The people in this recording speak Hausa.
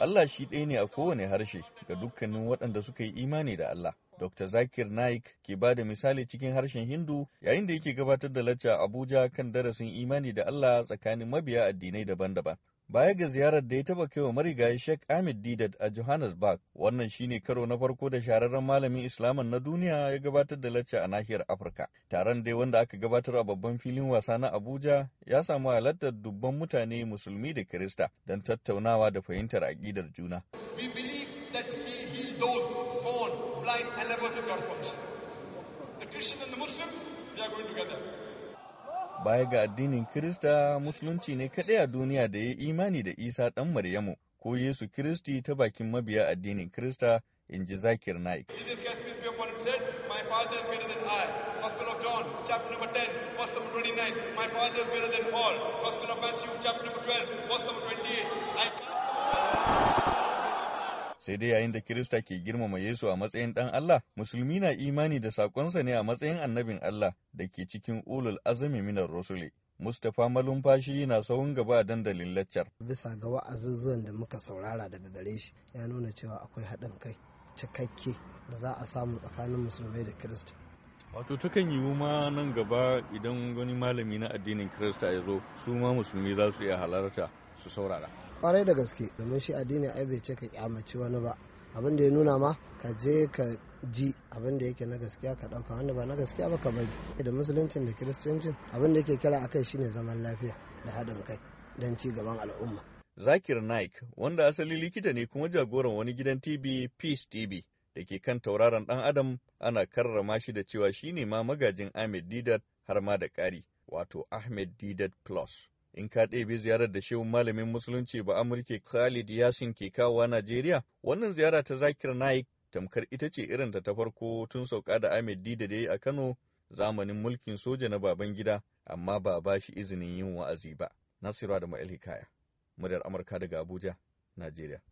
Allah shi ɗaya ne a kowane harshe ga dukkanin waɗanda suka yi imani da Allah. Dr. Zakir Naik ke ba da misali cikin harshen Hindu yayin da yake gabatar da lacca Abuja kan darasin imani da Allah tsakanin mabiya addinai daban-daban. Baya ga ziyarar da ya taba kai wa marigayi Sheikh Ahmed Didat a Johannesburg, wannan shine karo na farko da shahararren malamin Islaman na duniya ya gabatar da lacca a nahiyar Afirka. Taron dai wanda aka gabatar a babban filin wasa na Abuja ya samu halartar dubban mutane musulmi da Kirista don tattaunawa da fahimtar aƙidar juna. baya ga addinin Kirista musulunci ne kaɗai a duniya da ya imani da Isa ɗan Maryamu ko Yesu Kiristi ta bakin mabiya addinin Kirista in ji Zakir Naik. My father is greater than all. Gospel of Matthew, chapter number 12, verse number 28. sai dai yayin da Kirista ke girmama Yesu a matsayin ɗan Allah, musulmi na imani da saƙonsa ne a matsayin annabin Allah da ke cikin ulul azumi minar rusuli. Mustapha Malumfashi na tsawon gaba a dandalin laccar. Bisa ga wa'azuzzuwan da muka saurara daga gare shi ya nuna cewa akwai haɗin kai cikakke da za a samu tsakanin musulmai da Kirista. Wato takan yiwu ma nan gaba idan wani malami na addinin Kirista ya zo su ma musulmi za su iya halarta su saurara kwarai da gaske domin shi addini ai bai ce ka kyamaci wani ba abin da ya nuna ma ka je ka ji abin da yake na gaskiya ka dauka wanda ba na gaskiya ba ka bari da musuluncin da kiristancin abin da yake kira akai shine zaman lafiya da haɗin kai don ci gaban al'umma zakir naik wanda asali likita ne kuma jagoran wani gidan tv peace tv da ke kan tauraron dan adam ana karrama shi da cewa shine ma magajin ahmed didat har ma da ƙari wato ahmed didat plus in ka ɗebe ziyarar da shehun malamin musulunci ba amurke khalid yasin ke kawowa najeriya wannan ziyara ta zakir naik tamkar ita ce irin ta farko tun sauka da ahmed dida da ya a kano zamanin mulkin soja na baban gida amma ba ba shi izinin yin wa'azi ba nasiru da ma'il hikaya muryar amurka daga abuja najeriya